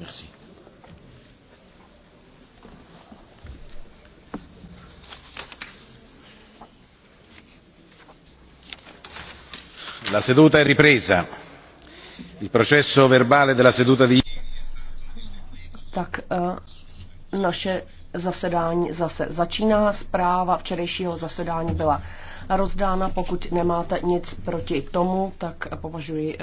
Merci. La seduta è ripresa. Il processo verbale della seduta di Tak eh, naše zasedání zase začíná. Zpráva včerejšího zasedání byla rozdána. Pokud nemáte nic proti tomu, tak považuji eh,